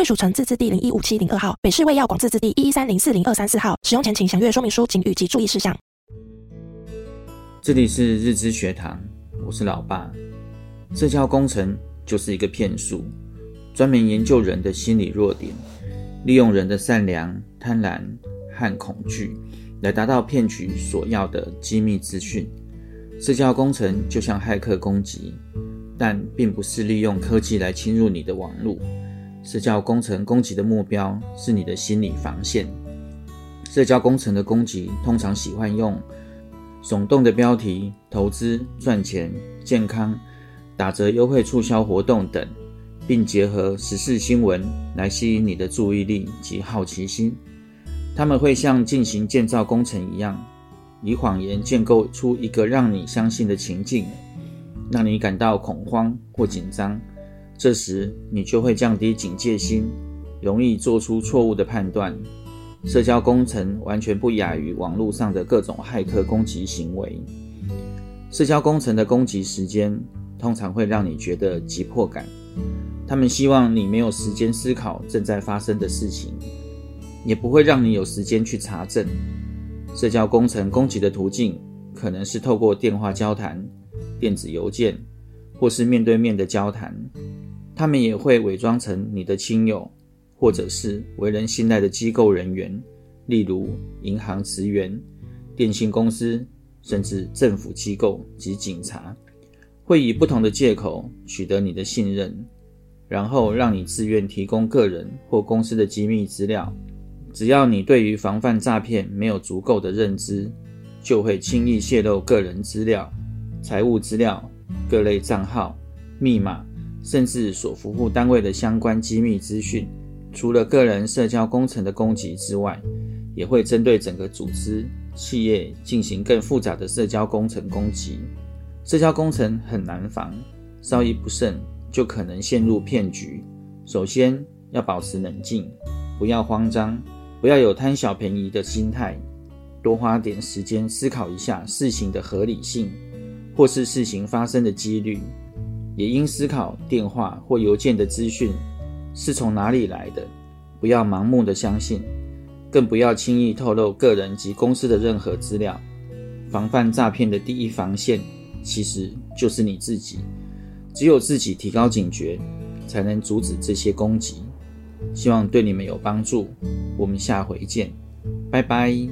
貴屬城自治地零一五七零二號，北市衛藥廣自治地一一三零四零二三四號。使用前請詳閱說明書警語及注意事項。這裡是日之學堂，我是老爸。社交工程就是一個騙術，專門研究人的心理弱點，利用人的善良、貪婪和恐懼來達到騙取所要的機密資訊。社交工程就像駭客攻擊，但並不是利用科技來侵入你的網路。社交工程攻擊的目標是你的心理防線。社交工程的攻擊通常喜歡用聳動的標題、投資賺錢、健康、打折優惠促銷活動等，並結合時事新聞來吸引你的注意力及好奇心。他們會像進行建造工程一樣，以謊言建構出一個讓你相信的情境，讓你感到恐慌或緊張。這時，你就會降低警戒心，容易做出錯誤的判斷。社交工程完全不亞於網絡上的各種駭客攻擊行為。社交工程的攻擊時間通常會讓你覺得急迫感，他們希望你沒有時間思考正在發生的事情，也不會讓你有時間去查證。社交工程攻擊的途徑可能是透過電話交談、電子郵件，或是面對面的交談。他們也會偽裝成你的親友，或者是為人信賴的機構人員，例如銀行職員、電信公司，甚至政府機構及警察，會以不同的借口取得你的信任，然後讓你自願提供個人或公司的機密資料。只要你對於防範詐騙沒有足夠的認知，就會輕易泄露個人資料、財務資料、各類賬號、密碼。甚至所服務單位的相關機密資訊，除了個人社交工程的攻擊之外，也會針對整個組織、企業進行更複雜的社交工程攻擊。社交工程很難防，稍一不慎就可能陷入騙局。首先，要保持冷靜，不要慌張，不要有貪小便宜的心態，多花點時間思考一下事情的合理性，或是事情發生的幾率。也應思考電話或郵件的資訊是從哪裡來的，不要盲目的相信，更不要輕易透露個人及公司的任何資料。防範詐騙的第一防線，其實就是你自己，只有自己提高警覺，才能阻止這些攻擊。希望對你們有幫助，我們下回見，拜拜。